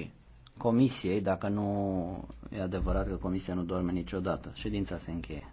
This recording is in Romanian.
și Comisiei, dacă nu e adevărat că Comisia nu dorme niciodată. Ședința se încheie.